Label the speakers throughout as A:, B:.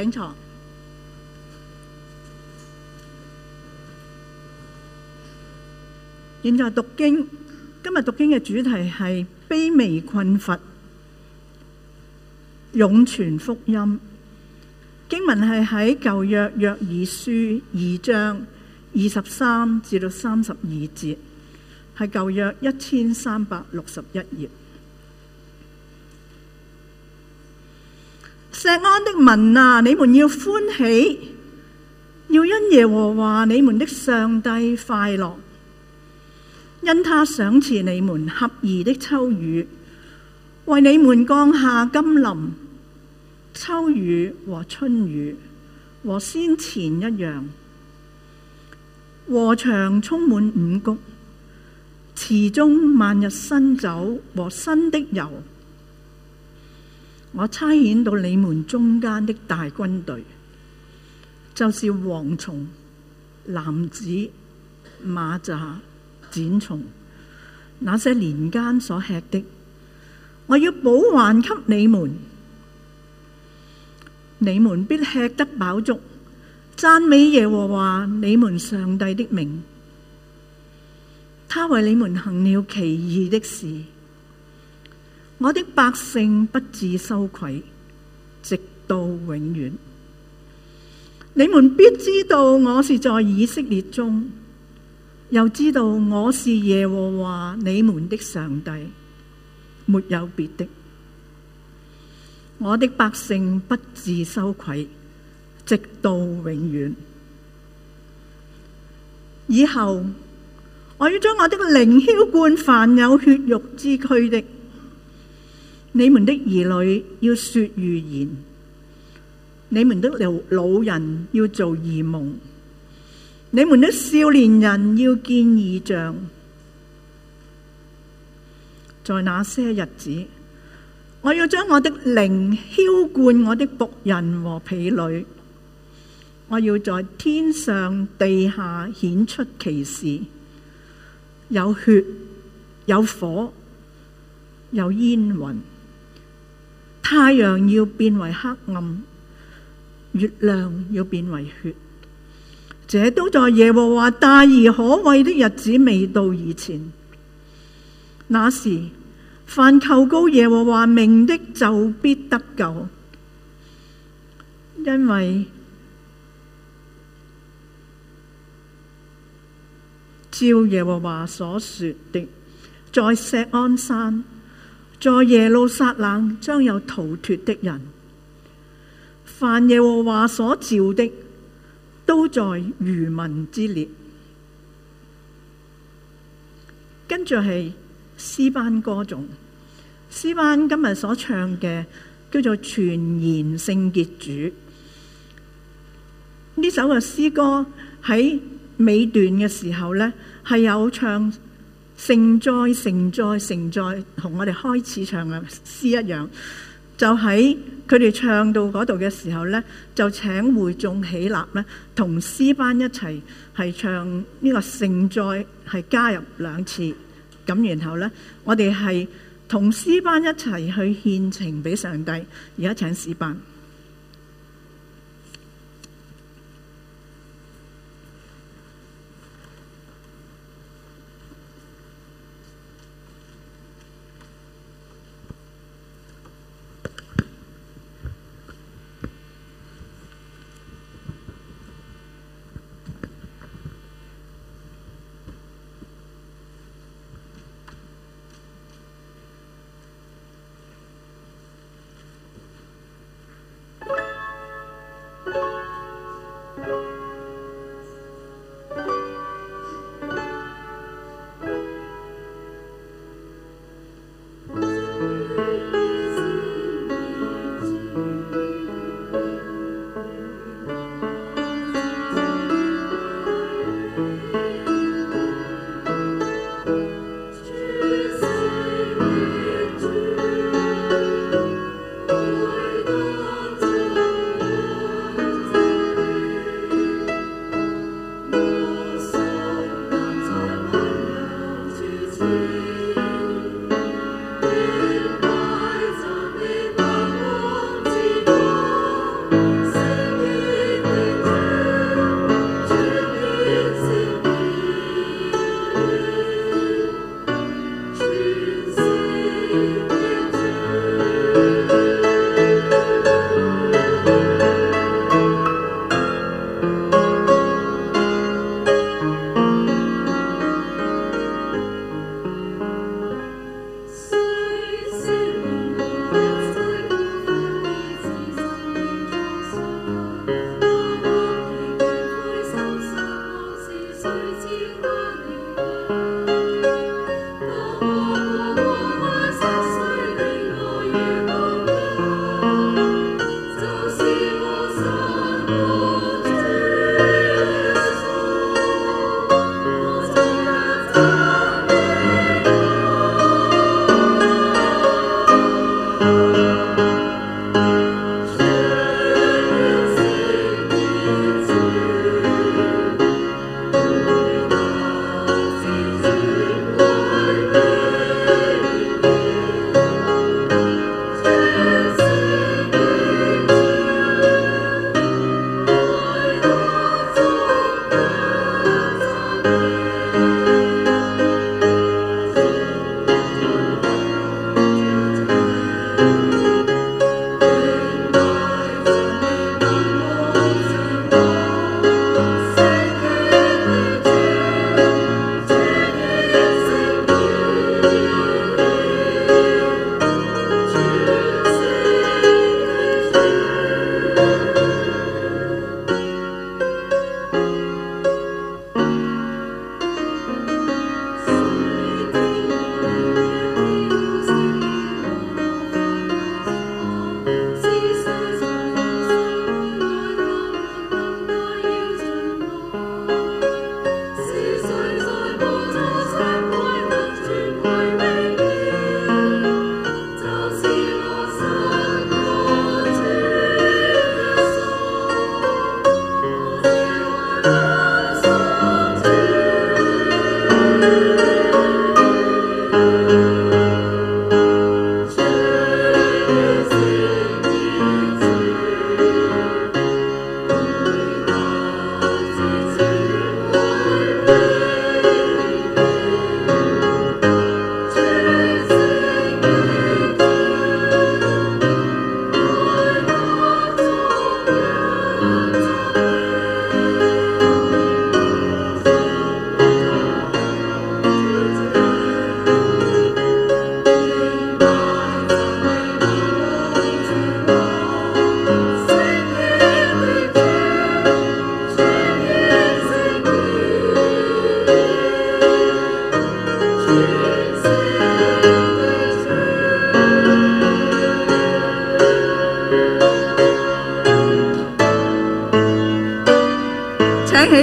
A: 請坐。現在讀經。今日讀經嘅主題係卑微困乏、湧泉福音。經文係喺舊約約珥書二章二十三至到三十二節，係舊約一千三百六十一頁。錫安的民啊，你們要歡喜，要因耶和華你們的上帝快樂，因他賞賜你們合宜的秋雨，為你們降下甘霖，秋雨和春雨和先前一樣，禾場充滿五穀，池中漫溢新酒和新的油。我差遣到你們中間的大軍隊，就是蝗蟲、蝻子、螞蚱、剪蟲，那些年間所吃的，我要補還給你們，你們必吃得飽足。讚美耶和華，你們上帝的名，他為你們行了奇異的事。我的百姓不致羞愧，直到永遠。你們必知道我是在以色列中，又知道我是耶和華你們的上帝，沒有別的。我的百姓不致羞愧，直到永遠。以後我要將我的靈澆灌凡有血肉之軀的。你們的兒女要說預言，你們的老人要做異夢，你們的少年人要見異象。在那些日子，我要將我的靈澆灌我的僕人和婢女，我要在天上地下顯出奇事，有血，有火，有煙雲。太陽要變為黑暗，月亮要變為血，這都在耶和華大而可畏的日子未到以前。那時，凡求告耶和華名的就必得救，因為照耶和華所說的，在錫安山。在耶路撒冷將有逃脱的人，凡耶和華所召的，都在餘民之列。跟住係詩班歌頌，詩班今日所唱嘅叫做全然聖潔主。呢首嘅詩歌喺尾段嘅時候呢，係有唱。聖哉聖哉聖哉，同我哋開始唱嘅詩一樣，就喺佢哋唱到嗰度嘅時候咧，就請會眾起立咧，同詩班一齊係唱呢個聖哉，係加入兩次，咁然後咧，我哋係同詩班一齊去獻呈俾上帝，而家請詩班。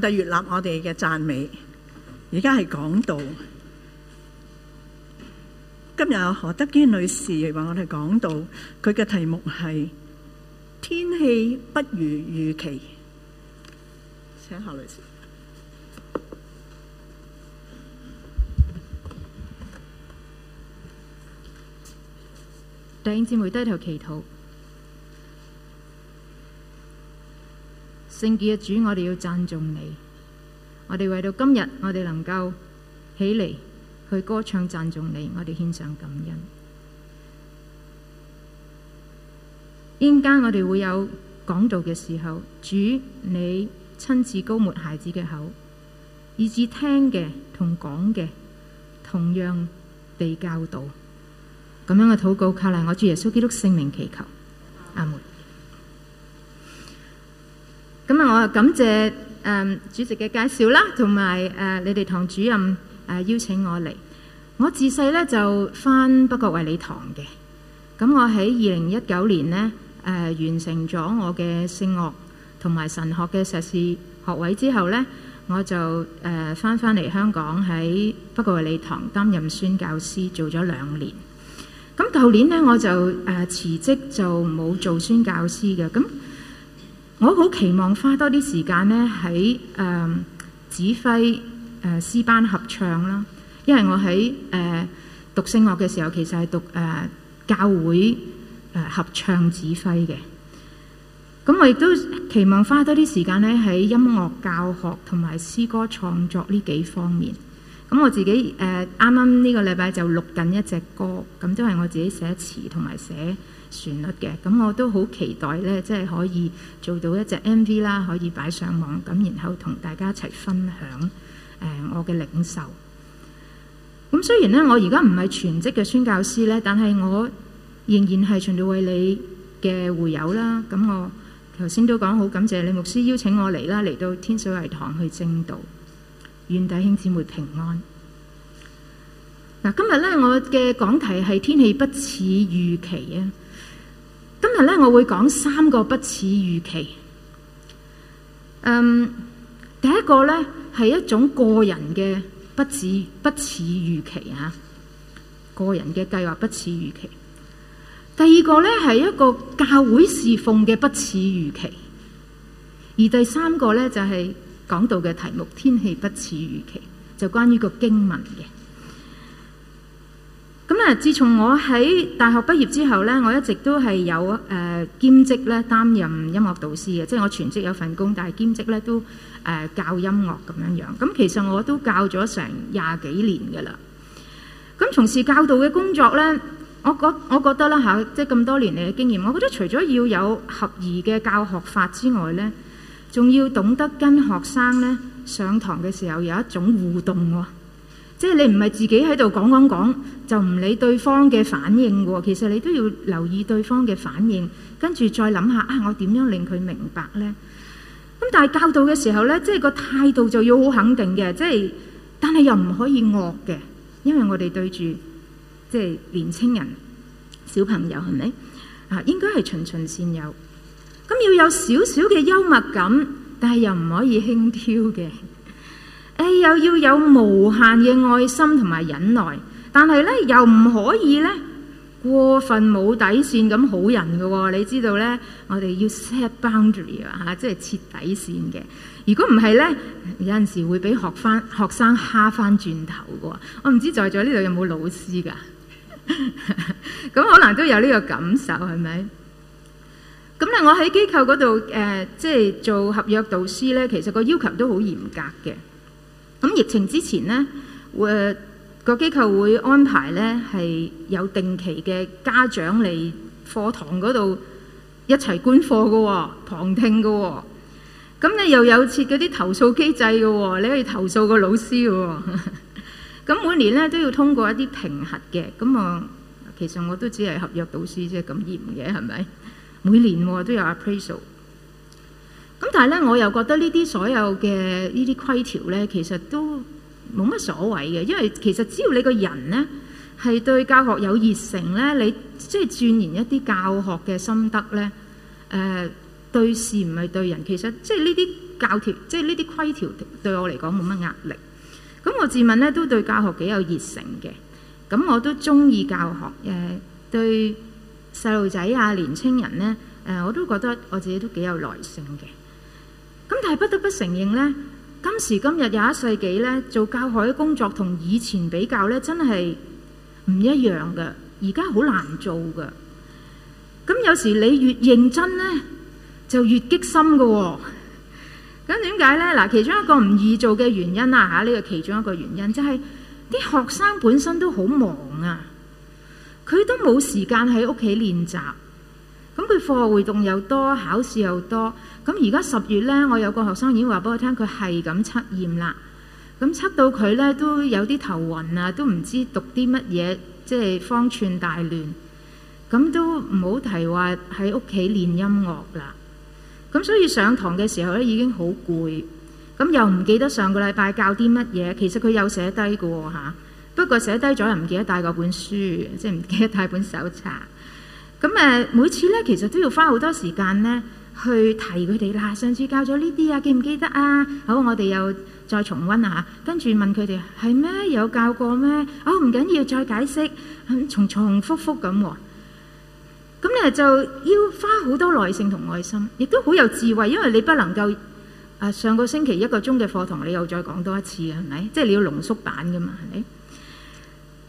A: 帶越南我哋嘅讚美，而家係講道。今日何德堅女士為我哋講道，佢嘅題目係天氣不似預期。請何女士。
B: 弟兄姊妹，低頭祈禱。聖潔嘅主，我哋要讚頌你。我哋為到今日，我哋能夠起嚟去歌唱讚頌你，我哋獻上感恩。一陣間我哋會有講道嘅時候，主你親自膏抹孩子嘅口，以至聽嘅同講嘅同樣被教導。咁樣嘅禱告，靠賴我主耶穌基督聖名祈求，阿門。咁啊，我啊感謝誒主席嘅介紹啦，同埋誒你哋堂主任誒邀請我嚟。我自細咧就返北角衛理堂嘅。咁我喺二零一九年咧誒完成咗我嘅聖樂同埋神學嘅碩士學位之後咧，我就誒返返嚟香港喺北角衛理堂擔任宣教師做咗兩年。咁舊年咧我就誒辭職就冇做宣教師嘅。咁我好期望花多啲時間呢喺誒指揮誒詩、呃、班合唱啦，因為我喺誒、呃、讀聲樂嘅時候其實係讀誒、呃、教會誒、呃、合唱指揮嘅，咁我亦都期望花多啲時間呢喺音樂教學同埋詩歌創作呢幾方面。咁我自己誒啱啱呢個禮拜就錄緊一隻歌，咁都係我自己寫詞同埋寫旋律嘅。咁我都好期待呢，即係可以做到一隻 MV 啦，可以擺上網，咁然後同大家一齊分享誒、呃、我嘅領受。咁雖然呢，我而家唔係全職嘅宣教師呢，但係我仍然係全為你嘅會友啦。咁我頭先都講好，感謝李牧師邀請我嚟啦，嚟到天水圍堂去正道。願弟兄姊妹平安。嗱，今日咧我嘅講題係天氣不似預期啊！今日咧我會講三個不似預期。嗯，第一個咧係一種個人嘅不似不似預期啊，個人嘅計劃不似預期。第二個咧係一個教會侍奉嘅不似預期，而第三個咧就係、是。講到嘅題目，天氣不似預期，就關於個經文嘅。咁啊，自從我喺大學畢業之後呢，我一直都係有誒、呃、兼職咧擔任音樂導師嘅，即、就、係、是、我全職有份工，但係兼職咧都誒、呃、教音樂咁樣樣。咁其實我都教咗成廿幾年嘅啦。咁從事教導嘅工作呢，我覺我覺得啦嚇，即係咁多年嚟嘅經驗，我覺得除咗要有合宜嘅教學法之外呢。仲要懂得跟學生呢上堂嘅時候有一種互動喎、哦，即係你唔係自己喺度講講講就唔理對方嘅反應喎、哦，其實你都要留意對方嘅反應，跟住再諗下啊，我點樣令佢明白呢？咁但係教導嘅時候呢，即係個態度就要好肯定嘅，即係但係又唔可以惡嘅，因為我哋對住即係年青人小朋友係咪啊？應該係循循善誘。咁要有少少嘅幽默感，但係又唔可以輕佻嘅。誒、呃，又要有無限嘅愛心同埋忍耐，但係咧又唔可以咧過分冇底線咁好人嘅喎、哦。你知道咧，我哋要 set boundary 啊，嚇，即係設底線嘅。如果唔係咧，有陣時會俾學翻學生蝦翻轉頭嘅喎。我唔知在座呢度有冇老師噶？咁 可能都有呢個感受係咪？是咁咧，我喺機構嗰度誒，即係做合約導師咧，其實個要求都好嚴格嘅。咁疫情之前咧，會呃個機構會安排咧係有定期嘅家長嚟課堂嗰度一齊觀課㗎喎，旁聽㗎喎。咁你又有設嗰啲投訴機制㗎喎，你可以投訴個老師㗎喎。咁 每年咧都要通過一啲評核嘅。咁啊，其實我都只係合約導師啫，咁嚴嘅係咪？每年、啊、都有 appraisal，咁但係但係咧，我又覺得呢啲所有嘅呢啲規條呢，其實都冇乜所謂嘅，因為其實只要你個人呢，係對教學有熱誠呢，你即係鑽研一啲教學嘅心得呢，誒、呃、對事唔係對人，其實即係呢啲教條，即係呢啲規條對我嚟講冇乜壓力。咁我自問呢，都對教學幾有熱誠嘅，咁我都中意教學誒、呃、對。細路仔啊，年青人呢，誒，我都覺得我自己都幾有耐性嘅。咁但係不得不承認呢，今時今日廿一世紀呢，做教學嘅工作同以前比較呢，真係唔一樣嘅。而家好難做嘅。咁有時你越認真呢，就越激心嘅喎。咁點解呢？嗱，其中一個唔易做嘅原因啦嚇，呢、啊呢個其中一個原因就係、是、啲學生本身都好忙啊。佢都冇時間喺屋企練習，咁佢課外活動又多，考試又多，咁而家十月呢，我有個學生已經話畀我聽，佢係咁測驗啦，咁測到佢呢，都有啲頭暈啊，都唔知讀啲乜嘢，即係方寸大亂，咁都唔好提話喺屋企練音樂啦，咁所以上堂嘅時候呢，已經好攰，咁又唔記得上個禮拜教啲乜嘢，其實佢有寫低嘅喎嚇。不過寫低咗又唔記得帶嗰本書，即係唔記得帶本手冊。咁誒每次呢，其實都要花好多時間呢去提佢哋嗱。上次教咗呢啲啊，記唔記得啊？好，我哋又再重溫下，跟住問佢哋係咩有教過咩？好、哦，唔緊要，再解釋，嗯、重重復復咁喎。咁咧就要花好多耐性同愛心，亦都好有智慧，因為你不能夠啊、呃。上個星期一個鐘嘅課堂，你又再講多一次係咪？即係、就是、你要濃縮版㗎嘛？係咪？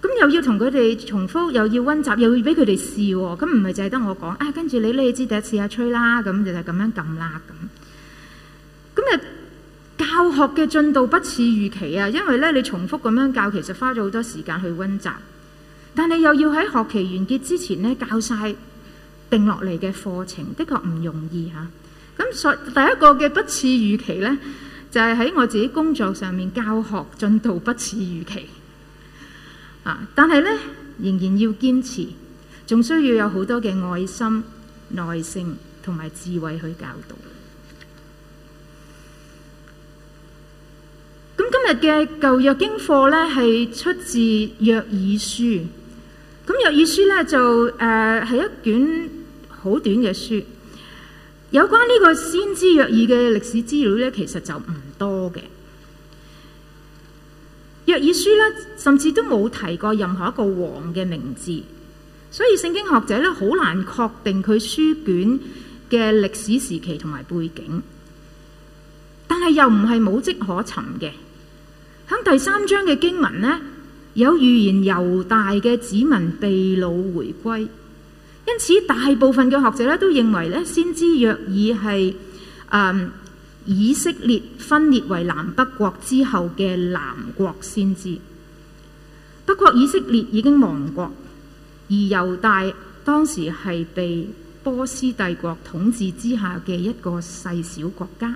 B: 咁又要同佢哋重複，又要溫習，又要俾佢哋試喎。咁唔係就係得我講啊、哎，跟住你拎起支笛試下吹啦，咁就係咁樣撳啦咁。咁啊，教學嘅進度不似預期啊，因為咧你重複咁樣教，其實花咗好多時間去溫習，但係又要喺學期完結之前咧教晒定落嚟嘅課程，的確唔容易嚇。咁、啊、所第一個嘅不似預期咧，就係、是、喺我自己工作上面教學進度不似預期。但係咧，仍然要堅持，仲需要有好多嘅愛心、耐性同埋智慧去教導。咁今日嘅舊約經課呢，係出自約珥書。咁約珥書呢，就誒係，呃，一卷好短嘅書，有關呢個先知約珥嘅歷史資料呢，其實就唔多嘅。約爾書咧，甚至都冇提過任何一個王嘅名字，所以聖經學者咧好難確定佢書卷嘅歷史時期同埋背景。但係又唔係冇跡可尋嘅，喺第三章嘅經文咧有預言猶大嘅子民被擄回歸，因此大部分嘅學者咧都認為咧先知約爾係誒。嗯以色列分裂為南北國之後嘅南國先知，北國以色列已經亡國，而猶大當時係被波斯帝國統治之下嘅一個細小，小國家。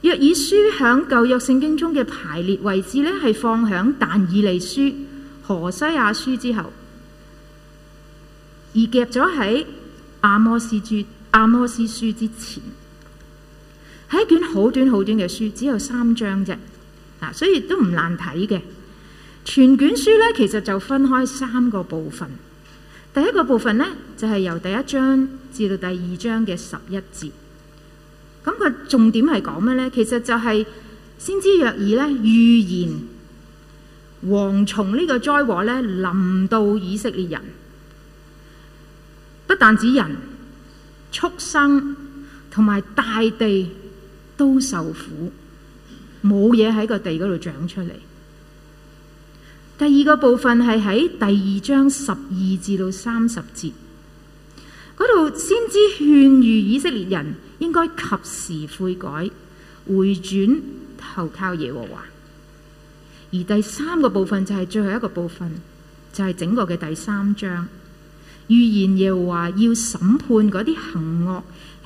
B: 約珥書喺舊約聖經中嘅排列位置呢係放響但以理書、何西阿書之後，而夾咗喺阿摩司注阿摩司書之前。係一卷好短好短嘅書，只有三章啫，嗱、啊，所以都唔難睇嘅。全卷書呢，其實就分開三個部分。第一個部分呢，就係、是、由第一章至到第二章嘅十一節。咁、嗯、個重點係講咩呢？其實就係先知約珥呢預言蝗蟲呢個災禍呢，臨到以色列人，不但止人、畜生同埋大地。都受苦，冇嘢喺個地嗰度長出嚟。第二個部分係喺第二章十二至到三十節嗰度，先知勸喻以色列人應該及時悔改，回轉投靠耶和華。而第三個部分就係最後一個部分，就係、是、整個嘅第三章預言耶和華要審判嗰啲行惡、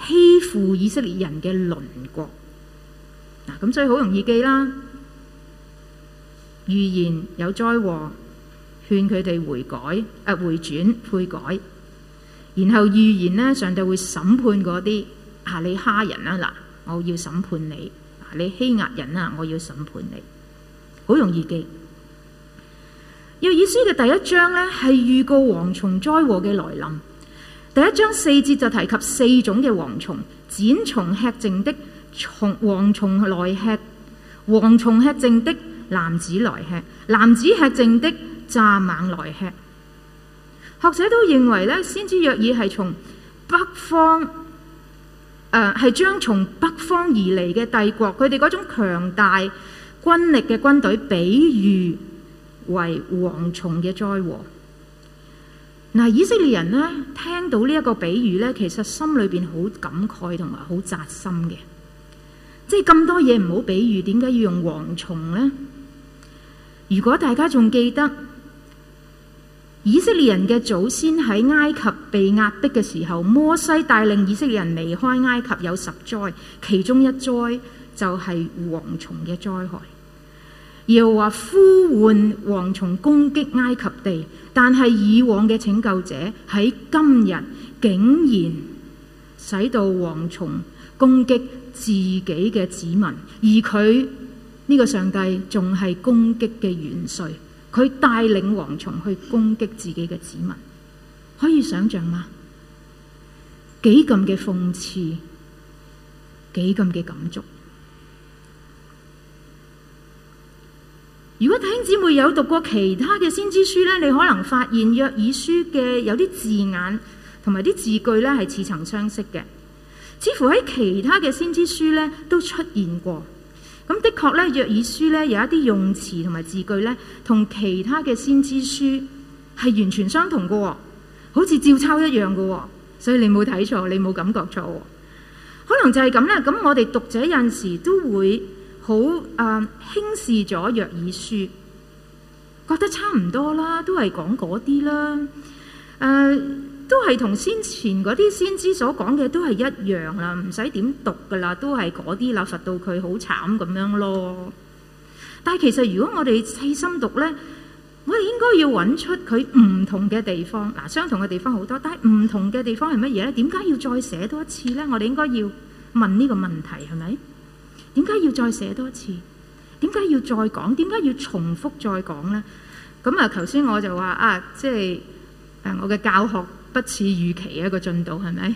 B: 欺負以色列人嘅鄰國。咁所以好容易記啦。預言有災禍，勸佢哋回改，啊，回轉悔改。然後預言呢，上帝會審判嗰啲嚇你蝦人啦，嗱，我要審判你，啊、你欺壓人啊，我要審判你。好容易記。約珥書嘅第一章呢，係預告蝗蟲災禍嘅來臨。第一章四節就提及四種嘅蝗蟲，剪蟲、吃剩的。蟲蝗蟲來吃，蝗蟲吃剩的男子來吃，男子吃剩的蚱蜢來吃。學者都認為呢，先知約珥係從北方，誒、呃、係將從北方而嚟嘅帝國佢哋嗰種強大軍力嘅軍隊，比喻為蝗蟲嘅災禍。嗱，以色列人呢，聽到呢一個比喻呢，其實心裏邊好感慨同埋好扎心嘅。即係咁多嘢唔好比喻，點解要用蝗蟲呢？如果大家仲記得以色列人嘅祖先喺埃及被壓迫嘅時候，摩西帶領以色列人離開埃及有十災，其中一災就係蝗蟲嘅災害，又話呼喚蝗蟲攻擊埃及地，但係以往嘅拯救者喺今日竟然使到蝗蟲攻擊。自己嘅子民，而佢呢、這個上帝仲係攻擊嘅元帥，佢帶領蝗蟲去攻擊自己嘅子民，可以想象嗎？幾咁嘅諷刺，幾咁嘅感觸。如果弟兄姊妹有讀過其他嘅先知書呢，你可能發現約珥書嘅有啲字眼同埋啲字句呢係似曾相識嘅。似乎喺其他嘅先知書呢都出現過，咁的確呢，約爾書呢有一啲用詞同埋字句呢，同其他嘅先知書係完全相同嘅，哦，好似照抄一樣嘅，哦，所以你冇睇錯，你冇感覺錯，哦，可能就係咁啦。咁我哋讀者有時都會好啊輕視咗約爾書，覺得差唔多啦，都係講嗰啲啦，誒、呃。都係同先前嗰啲先知所講嘅都係一樣啦，唔使點讀噶啦，都係嗰啲垃圾到佢好慘咁樣咯。但係其實如果我哋細心讀呢，我哋應該要揾出佢唔同嘅地方。嗱，相同嘅地方好多，但係唔同嘅地方係乜嘢呢？點解要再寫多一次呢？我哋應該要問呢個問題係咪？點解要再寫多一次？點解要再講？點解要重複再講呢？咁啊，頭先我就話啊，即係我嘅教學。不似預期，一個進度係咪？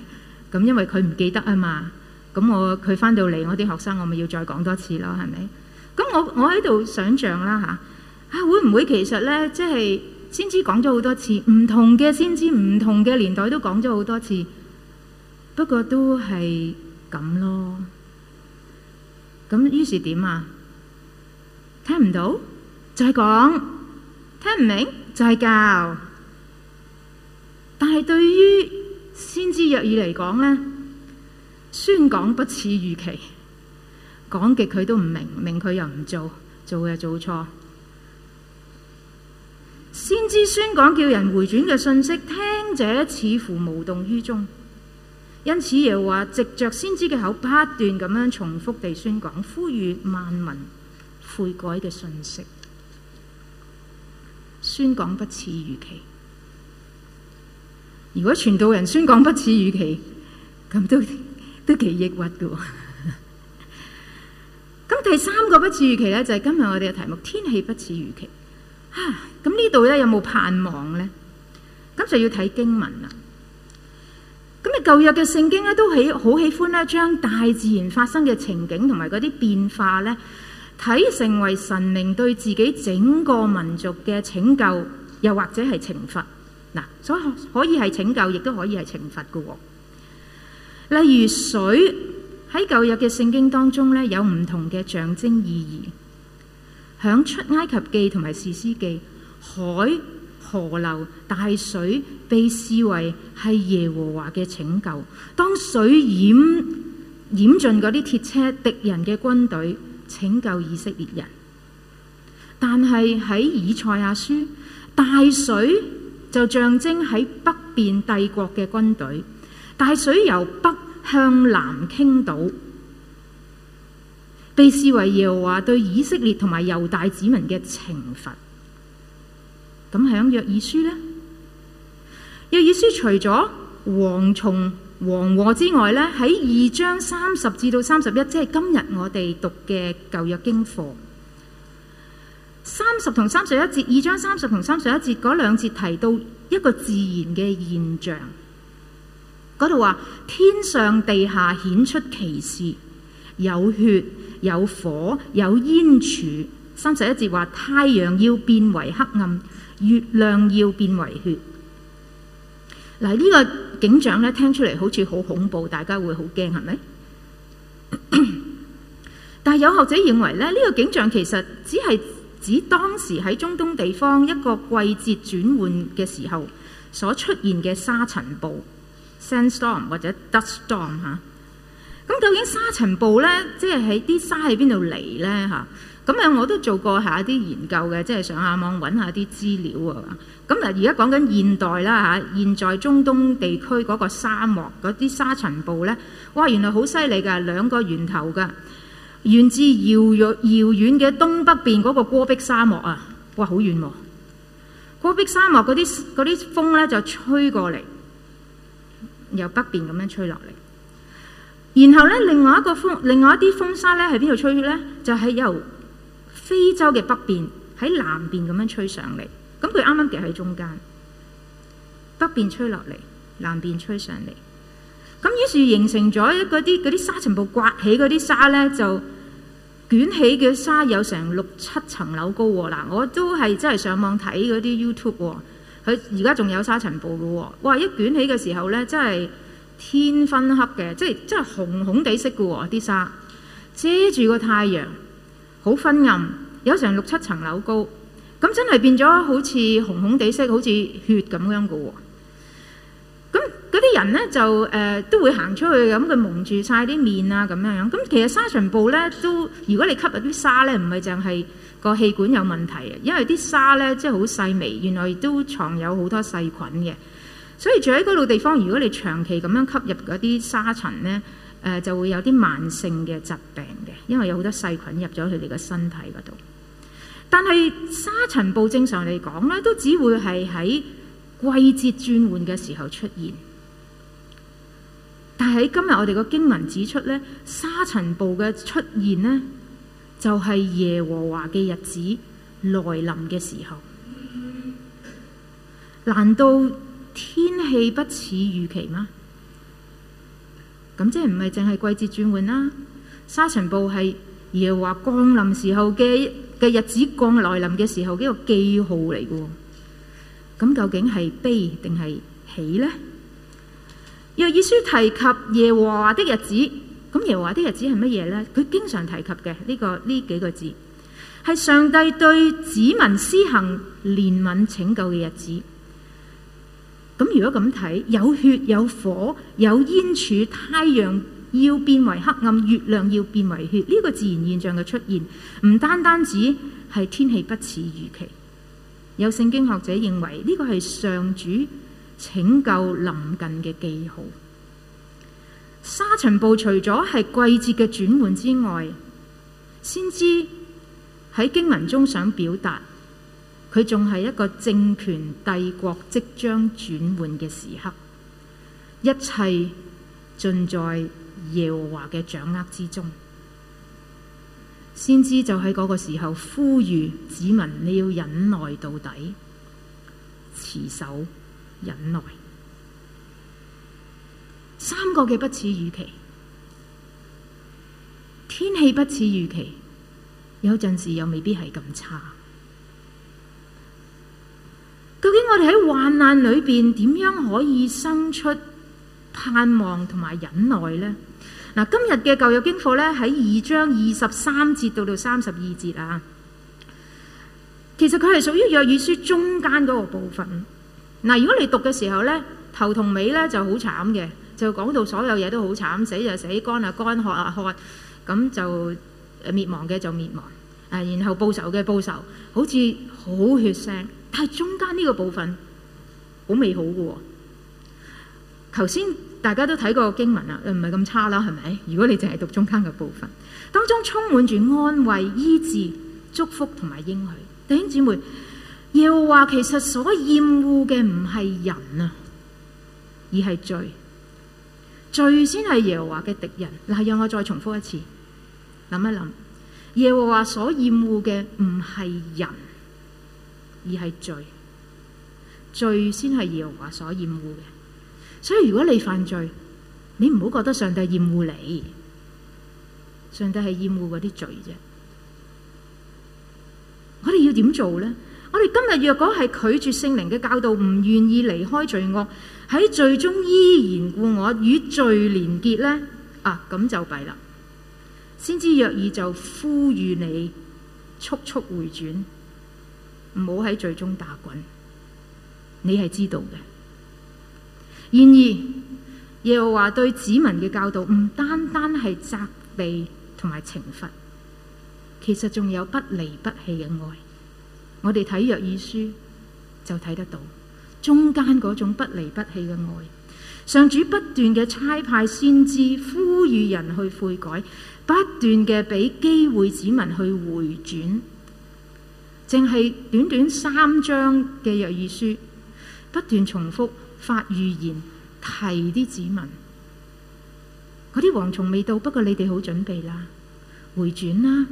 B: 咁因為佢唔記得啊嘛，咁我佢翻到嚟我啲學生我咪要再講多次咯係咪？咁我我喺度想像啦吓，啊會唔會其實呢？即係先知講咗好多次，唔同嘅先知唔同嘅年代都講咗好多次，不過都係咁咯。咁於是點啊？聽唔到就再講，聽唔明就再教。但係對於先知約珥嚟講呢，宣講不似預期，講極佢都唔明，明佢又唔做，做又做錯。先知宣講叫人回轉嘅信息，聽者似乎無動於衷，因此又話藉着先知嘅口，不斷咁樣重複地宣講，呼籲萬民悔改嘅信息。宣講不似預期。如果全道人宣講不似預期，咁都都幾抑鬱噶喎。咁 第三個不似預期呢，就係、是、今日我哋嘅題目：天氣不似預期。嚇、啊！咁呢度呢，有冇盼望呢？咁就要睇經文啦。咁啊，舊約嘅聖經呢，都喜好喜歡呢，將大自然發生嘅情景同埋嗰啲變化呢，睇成為神明對自己整個民族嘅拯救，又或者係懲罰。嗱，所以可以係拯救，亦都可以係懲罰嘅。例如水喺舊約嘅聖經當中呢，有唔同嘅象徵意義。響出埃及記同埋士師記，海河流大水被視為係耶和華嘅拯救。當水淹淹浸嗰啲鐵車敵人嘅軍隊，拯救以色列人。但係喺以賽亞書，大水。就象徵喺北邊帝國嘅軍隊，大水由北向南傾倒，被視為耶和華對以色列同埋猶大子民嘅懲罰。咁喺約珥書呢，約珥書除咗蝗蟲、黃禍之外呢，喺二章三十至到三十一，即係今日我哋讀嘅舊約經課。三十同三十一節，二章三十同三十一節嗰兩節提到一個自然嘅現象。嗰度話天上地下顯出奇事，有血有火有煙柱。三十一節話太陽要變為黑暗，月亮要變為血。嗱、這、呢個景象咧聽出嚟好似好恐怖，大家會好驚係咪？但係有學者認為咧，呢、這個景象其實只係。指當時喺中東地方一個季節轉換嘅時候所出現嘅沙塵暴 （sandstorm） 或者 duststorm 嚇、啊。咁究竟沙塵暴呢？即係喺啲沙喺邊度嚟呢？嚇？咁啊，我都做過下啲研究嘅，即係上下網揾下啲資料啊。咁啊，而家講緊現代啦嚇、啊，現在中東地區嗰個沙漠嗰啲沙塵暴呢？哇，原來好犀利㗎，兩個源頭㗎。源自遙遠遙遠嘅東北邊嗰個戈壁沙漠啊，哇，好遠喎！戈壁沙漠嗰啲啲風咧就吹過嚟，由北邊咁樣吹落嚟。然後咧，另外一個風，另外一啲風沙咧喺邊度吹咧？就係由非洲嘅北邊喺南邊咁樣吹上嚟。咁佢啱啱夾喺中間，北邊吹落嚟，南邊吹上嚟。咁於是形成咗一嗰啲啲沙塵暴，刮起嗰啲沙咧就。捲起嘅沙有成六七層樓高喎、哦，嗱我都係真係上網睇嗰啲 YouTube 喎、哦，佢而家仲有沙塵暴噶喎，哇，一捲起嘅時候呢，真係天昏黑嘅，即係真係紅紅地色噶喎啲沙，遮住個太陽，好昏暗，有成六七層樓高，咁真係變咗好似紅紅地色，好似血咁樣噶喎、哦。人咧就誒、呃、都會行出去咁，佢、嗯、蒙住晒啲面啊，咁樣樣咁。其實沙塵暴咧都，如果你吸入啲沙咧，唔係淨係個氣管有問題嘅，因為啲沙咧即係好細微，原來都藏有好多細菌嘅。所以住喺嗰度地方，如果你長期咁樣吸入嗰啲沙塵咧，誒、呃、就會有啲慢性嘅疾病嘅，因為有好多細菌入咗佢哋個身體嗰度。但係沙塵暴正常嚟講咧，都只會係喺季節轉換嘅時候出現。但喺今日我哋個經文指出呢，沙塵暴嘅出現呢，就係耶和華嘅日子來臨嘅時候。難道天氣不似預期嗎？咁即係唔係淨係季節轉換啦？沙塵暴係耶和華降臨時候嘅嘅日子降來臨嘅時候嘅一個記號嚟嘅。咁究竟係悲定係喜呢？若珥書提及耶和華的日子，咁耶和華的日子係乜嘢呢？佢經常提及嘅呢個呢幾個字，係上帝對子民施行憐憫拯救嘅日子。咁如果咁睇，有血有火有煙柱，太陽要變為黑暗，月亮要變為血，呢個自然現象嘅出現，唔單單指係天氣不似預期。有聖經學者認為呢個係上主拯救臨近嘅記號，沙塵暴除咗係季節嘅轉換之外，先知喺經文中想表達，佢仲係一個政權帝國即將轉換嘅時刻，一切盡在耶和華嘅掌握之中。先知就喺嗰個時候呼籲子民，你要忍耐到底，持守。忍耐，三個嘅不似預期，天氣不似預期，有陣時又未必係咁差。究竟我哋喺患難裏邊點樣可以生出盼望同埋忍耐呢？嗱，今日嘅舊約經課呢，喺二章二十三節到到三十二節啊，其實佢係屬於約珥書中間嗰個部分。嗱，如果你讀嘅時候呢，頭同尾呢就好慘嘅，就講到所有嘢都好慘，死就死，乾啊乾，渴啊渴，咁就滅亡嘅就滅亡，啊，然後報仇嘅報仇，好似好血腥，但係中間呢個部分好美好嘅喎，哦。頭先大家都睇過經文啦，唔係咁差啦，係咪？如果你淨係讀中間嘅部分，當中充滿住安慰、醫治、祝福同埋應許，弟兄姊妹。耶和華其實所厭惡嘅唔係人啊，而係罪，罪先係耶和華嘅敵人。嗱，讓我再重複一次，諗一諗，耶和華所厭惡嘅唔係人，而係罪，罪先係耶和華所厭惡嘅。所以如果你犯罪，你唔好覺得上帝厭惡你，上帝係厭惡嗰啲罪啫。我哋要點做咧？我哋今日若果係拒絕聖靈嘅教導，唔願意離開罪惡，喺罪中依然故我與罪連結呢？啊，咁就弊啦。先知約珥就呼籲你速速回轉，唔好喺罪中打滾。你係知道嘅。然而耶和華對子民嘅教導唔單單係責備同埋懲罰，其實仲有不離不棄嘅愛。我哋睇約珥書就睇得到中間嗰種不離不棄嘅愛，上主不斷嘅差派先知呼籲人去悔改，不斷嘅俾機會子民去回轉，淨係短短三章嘅約珥書，不斷重複發預言提啲子民，嗰啲蝗蟲未到，不過你哋好準備啦，回轉啦，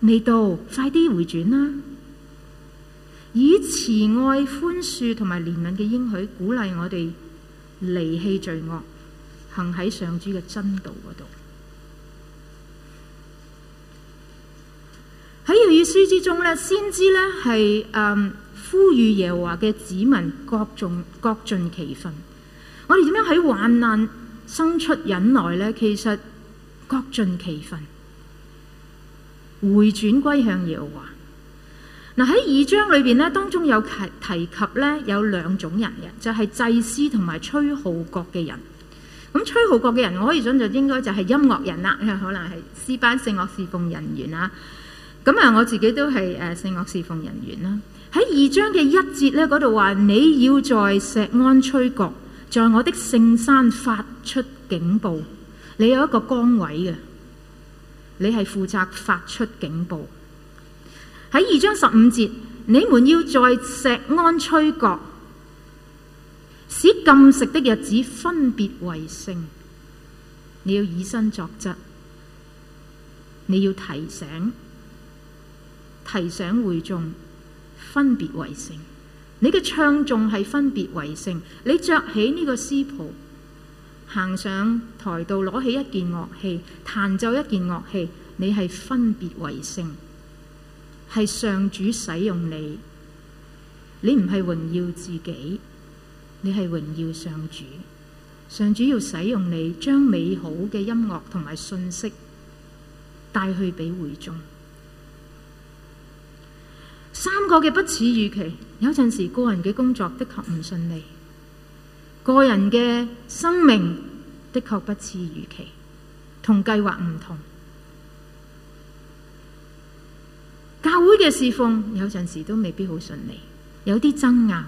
B: 未到，快啲回轉啦！以慈愛、寬恕同埋憐憫嘅應許，鼓勵我哋離棄罪惡，行喺上主嘅真道嗰度。喺約珥書之中呢，先知呢係、嗯、呼籲耶和華嘅子民各盡各盡其分。我哋點樣喺患難生出忍耐呢？其實各盡其分，回轉歸向耶和華。嗱喺二章裏邊呢，當中有提，提及呢，有兩種人嘅，就係、是、祭司同埋吹號角嘅人。咁吹號角嘅人，我可以想象應該就係音樂人啦，可能係詩班聖樂侍奉人員啦。咁、嗯、啊，我自己都係誒聖樂侍奉人員啦。喺二章嘅一節呢，嗰度話：你要在錫安吹角，在我的聖山發出警報。你有一個崗位嘅，你係負責發出警報。喺二章十五節，你們要在石安吹角，使禁食的日子分別為聖。你要以身作則，你要提醒、提醒會眾分別為聖。你嘅唱頌係分別為聖，你着起呢個絲袍，行上台度攞起一件樂器彈奏一件樂器，你係分別為聖。係上主使用你，你唔係榮耀自己，你係榮耀上主。上主要使用你，將美好嘅音樂同埋信息帶去畀會眾。三個嘅不似預期，有陣時個人嘅工作的確唔順利，個人嘅生命的確不似預期，同計劃唔同。教會嘅侍奉有陣時都未必好順利，有啲爭拗，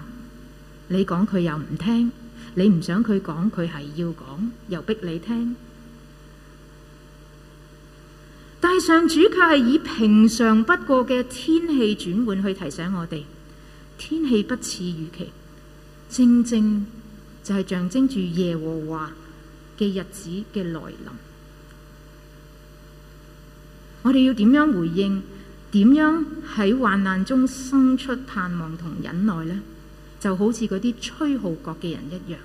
B: 你講佢又唔聽，你唔想佢講，佢係要講，又逼你聽。但上主卻係以平常不過嘅天氣轉換去提醒我哋，天氣不似預期，正正就係象徵住耶和華嘅日子嘅來臨。我哋要點樣回應？點樣喺患難中生出盼望同忍耐呢？就好似嗰啲吹號角嘅人一樣，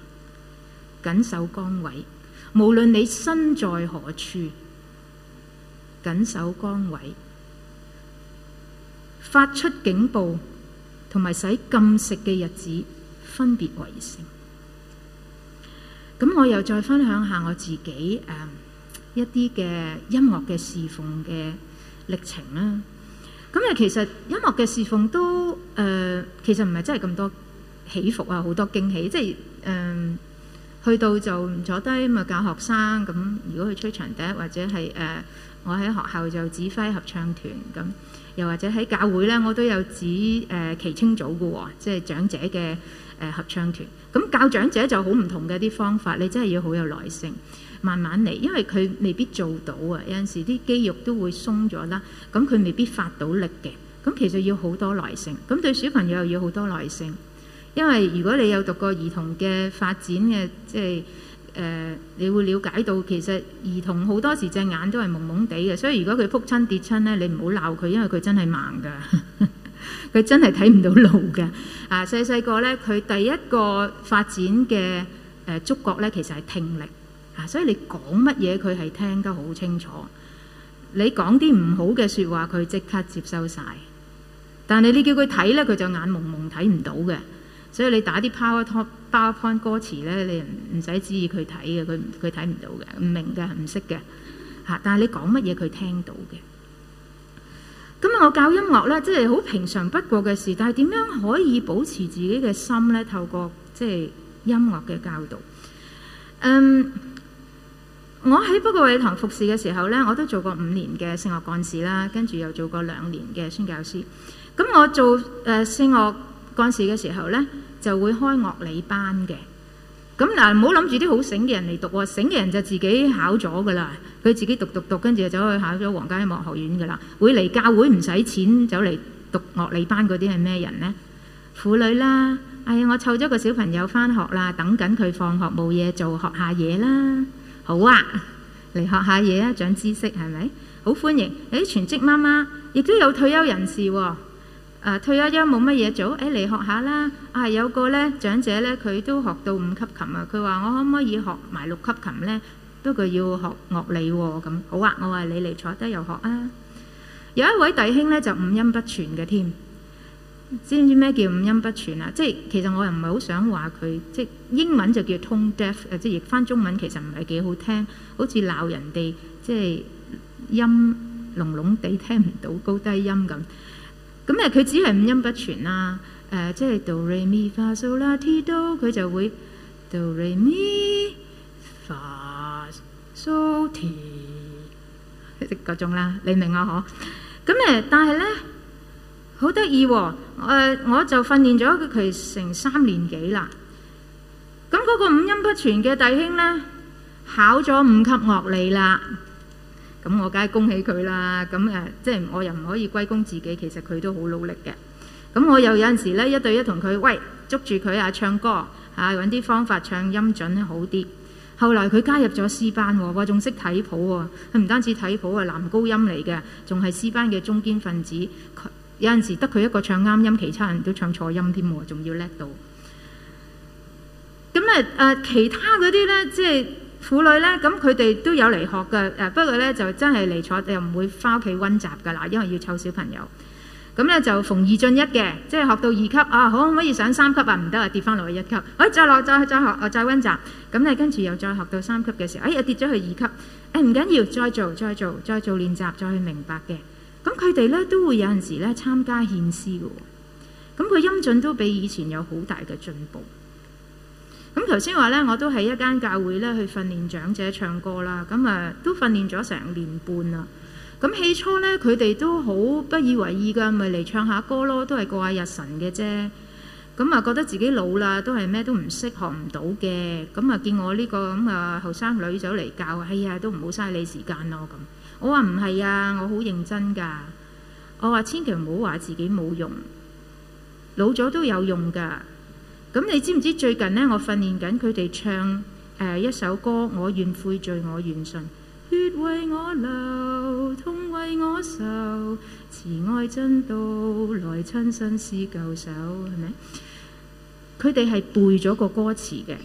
B: 緊守崗位，無論你身在何處，緊守崗位，發出警報同埋使禁食嘅日子分別為聖。咁，我又再分享下我自己、呃、一啲嘅音樂嘅侍奉嘅歷程啦、啊。咁誒其實音樂嘅侍奉都誒、呃，其實唔係真係咁多起伏啊，好多驚喜。即係誒、呃，去到就唔坐低咪、就是、教學生咁。如果去吹長笛或者係誒、呃，我喺學校就指揮合唱團咁，又或者喺教會咧，我都有指誒耆青組嘅喎，即係長者嘅誒、呃、合唱團。咁教長者就好唔同嘅啲方法，你真係要好有耐性。慢慢嚟，因為佢未必做到啊。有陣時啲肌肉都會鬆咗啦，咁佢未必發到力嘅。咁其實要好多耐性，咁對小朋友又要好多耐性，因為如果你有讀過兒童嘅發展嘅，即係誒、呃、你會了解到其實兒童好多時隻眼都係蒙蒙哋嘅。所以如果佢仆親跌親咧，你唔好鬧佢，因為佢真係盲㗎，佢 真係睇唔到路嘅。啊，細細個咧，佢第一個發展嘅誒觸覺咧，其實係聽力。啊！所以你講乜嘢，佢係聽得好清楚。你講啲唔好嘅説話，佢即刻接收晒。但係你叫佢睇呢，佢就眼蒙蒙睇唔到嘅。所以你打啲 PowerPoint 歌詞呢，你唔使指意佢睇嘅，佢佢睇唔到嘅，唔明嘅，唔識嘅嚇。但係你講乜嘢，佢聽到嘅。咁啊，我教音樂呢，即係好平常不過嘅事。但係點樣可以保持自己嘅心呢？透過即係音樂嘅教導，嗯。我喺不過衞堂服侍嘅時候呢，我都做過五年嘅聖樂幹事啦，跟住又做過兩年嘅宣教師。咁我做誒聖樂幹事嘅時候呢，就會開樂理班嘅。咁嗱，唔好諗住啲好醒嘅人嚟讀，哦，醒嘅人就自己考咗噶啦。佢自己讀讀讀，跟住就走去考咗皇家音樂學院噶啦。會嚟教會唔使錢走嚟讀樂理班嗰啲係咩人呢？婦女啦，哎呀，我湊咗個小朋友返學啦，等緊佢放學冇嘢做，學下嘢啦。好啊，嚟學下嘢啊，長知識係咪？好歡迎！誒，全職媽媽亦都有退休人士喎，啊啊。退休又冇乜嘢做，誒嚟學下啦。啊，有個咧長者咧，佢都學到五級琴啊，佢話我可唔可以學埋六級琴咧？不過要學樂理喎，啊。咁好啊，我話你嚟坐低又學啊。有一位弟兄咧，就五音不全嘅添。知唔知咩叫五音不全啊？即係其實我又唔係好想話佢，即係英文就叫 tone deaf，即係譯翻中文其實唔係幾好聽，好似鬧人哋，即係音隆隆地聽唔到高低音咁。咁誒，佢只係五音不全啦。誒，即係 do re mi fa sol la ti do，佢就會 do re mi fa sol ti 嗰種啦。你明啊？嗬。咁誒，但係咧。好得意喎！我就訓練咗佢成三年幾啦。咁嗰個五音不全嘅弟兄呢，考咗五級樂理啦。咁我梗係恭喜佢啦。咁誒、呃，即係我又唔可以歸功自己，其實佢都好努力嘅。咁我又有陣時呢，一對一同佢喂，捉住佢啊，唱歌啊，揾啲方法唱音準好啲。後來佢加入咗師班喎、哦，仲識睇譜喎、哦。佢唔單止睇譜啊，係男高音嚟嘅，仲係師班嘅中堅分子。有陣時得佢一個唱啱音，其他人都唱錯音添喎，仲要叻到。咁啊啊，其他嗰啲咧，即係婦女咧，咁佢哋都有嚟學嘅。誒，不過咧就真係嚟坐，又唔會翻屋企温習㗎啦，因為要湊小朋友。咁咧就逢二進一嘅，即係學到二級啊，好可唔可以上三級啊？唔得啊，跌翻落去一級。誒、哎，再落再再學，啊、再温習。咁咧跟住又再學到三級嘅時候，哎又、啊、跌咗去二級。誒唔緊要，再做再做再做，再做練習，再去明白嘅。咁佢哋咧都會有陣時咧參加獻詩嘅喎，咁佢音準都比以前有好大嘅進步。咁頭先話咧，我都喺一間教會咧去訓練長者唱歌啦，咁啊都訓練咗成年半啦。咁起初咧，佢哋都好不以為意噶，咪嚟唱下歌咯，都係過下日神嘅啫。咁啊，覺得自己老啦，都係咩都唔識，學唔到嘅。咁啊，見我呢個咁啊後生女走嚟教，哎呀，都唔好嘥你時間咯咁。我話唔係啊，我好認真㗎。我話千祈唔好話自己冇用，老咗都有用㗎。咁你知唔知最近呢？我訓練緊佢哋唱誒一首歌，我願悔罪，我願信，血為我流，痛為我受，慈愛真道來親身施救手，係咪？佢哋係背咗個歌詞嘅，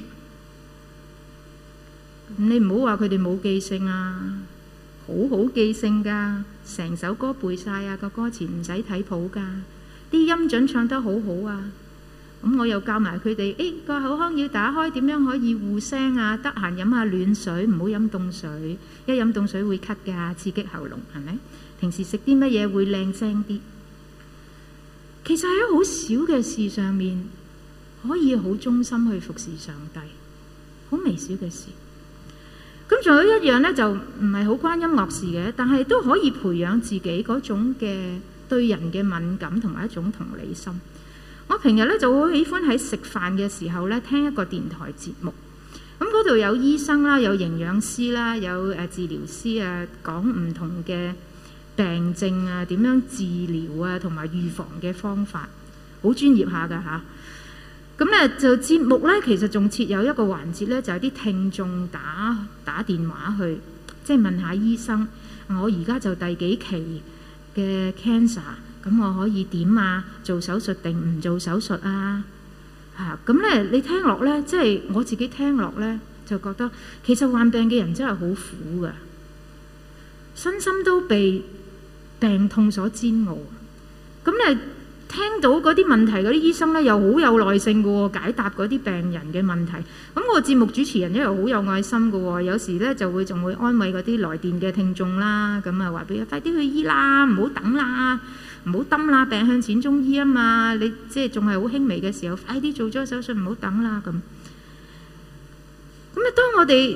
B: 你唔好話佢哋冇記性啊！好好記性噶，成首歌背晒啊！個歌詞唔使睇譜噶，啲音準唱得好好啊！咁我又教埋佢哋，誒個口腔要打開，點樣可以護聲啊？得閒飲下暖水，唔好飲凍水，一飲凍水會咳噶，刺激喉嚨，係咪？平時食啲乜嘢會靚聲啲？其實喺好小嘅事上面，可以好忠心去服侍上帝，好微小嘅事。咁仲有一樣咧，就唔係好關音樂事嘅，但係都可以培養自己嗰種嘅對人嘅敏感同埋一種同理心。我平日咧就好喜歡喺食飯嘅時候咧聽一個電台節目，咁嗰度有醫生啦，有營養師啦，有誒治療師啊，講唔同嘅病症啊，點樣治療啊，同埋預防嘅方法，好專業下㗎吓。啊。咁咧就節目咧，其實仲設有一個環節咧，就係啲聽眾打打電話去，即係問下醫生：我而家就第幾期嘅 cancer，咁我可以點啊？做手術定唔做手術啊？嚇！咁咧你聽落咧，即係我自己聽落咧，就覺得其實患病嘅人真係好苦噶，身心都被病痛所煎熬。咁咧。聽到嗰啲問題，嗰啲醫生咧又好有耐性嘅喎、哦，解答嗰啲病人嘅問題。咁個節目主持人一又好有愛心嘅喎、哦，有時咧就會仲會安慰嗰啲來電嘅聽眾啦。咁啊話俾佢快啲去醫啦，唔好等啦，唔好耽啦，病向淺中醫啊嘛。你即係仲係好輕微嘅時候，快啲做咗手術，唔好等啦咁。咁啊，當我哋。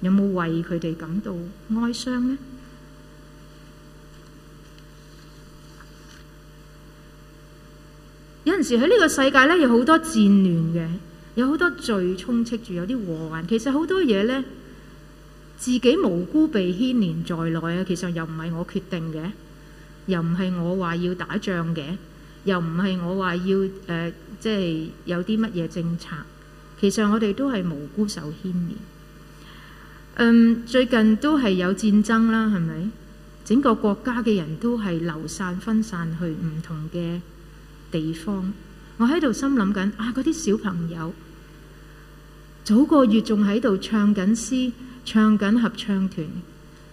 B: 有冇為佢哋感到哀傷呢？有陣時喺呢個世界呢，有好多戰亂嘅，有好多罪充斥住，有啲禍患。其實好多嘢呢，自己無辜被牽連在內啊！其實又唔係我決定嘅，又唔係我話要打仗嘅，又唔係我話要誒，即係有啲乜嘢政策。其實我哋都係無辜受牽連。嗯，um，最近都係有戰爭啦，係咪？整個國家嘅人都係流散分散去唔同嘅地方。我喺度心諗緊，啊，嗰啲小朋友早個月仲喺度唱緊詩、唱緊合唱團，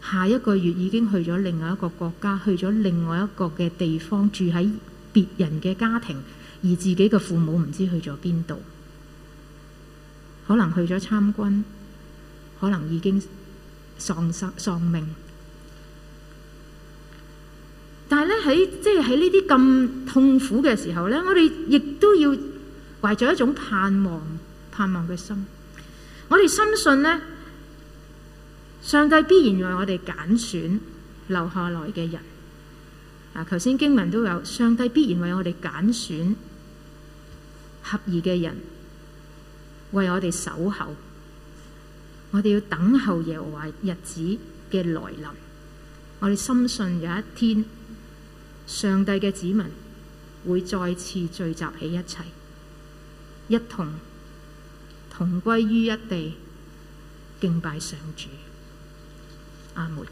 B: 下一個月已經去咗另外一個國家，去咗另外一個嘅地方住喺別人嘅家庭，而自己嘅父母唔知去咗邊度，可能去咗參軍。.可能已經喪生喪命，但係咧，喺即係喺呢啲咁、就是、痛苦嘅時候咧，我哋亦都要懷着一種盼望，盼望嘅心。我哋深信呢，上帝必然為我哋揀選留下來嘅人。啊，頭先經文都有，上帝必然為我哋揀選合意嘅人，為我哋守候。我哋要等候耶和華日子嘅來臨，我哋深信有一天，上帝嘅子民會再次聚集喺一齊，一同同歸於一地，敬拜上主。阿門。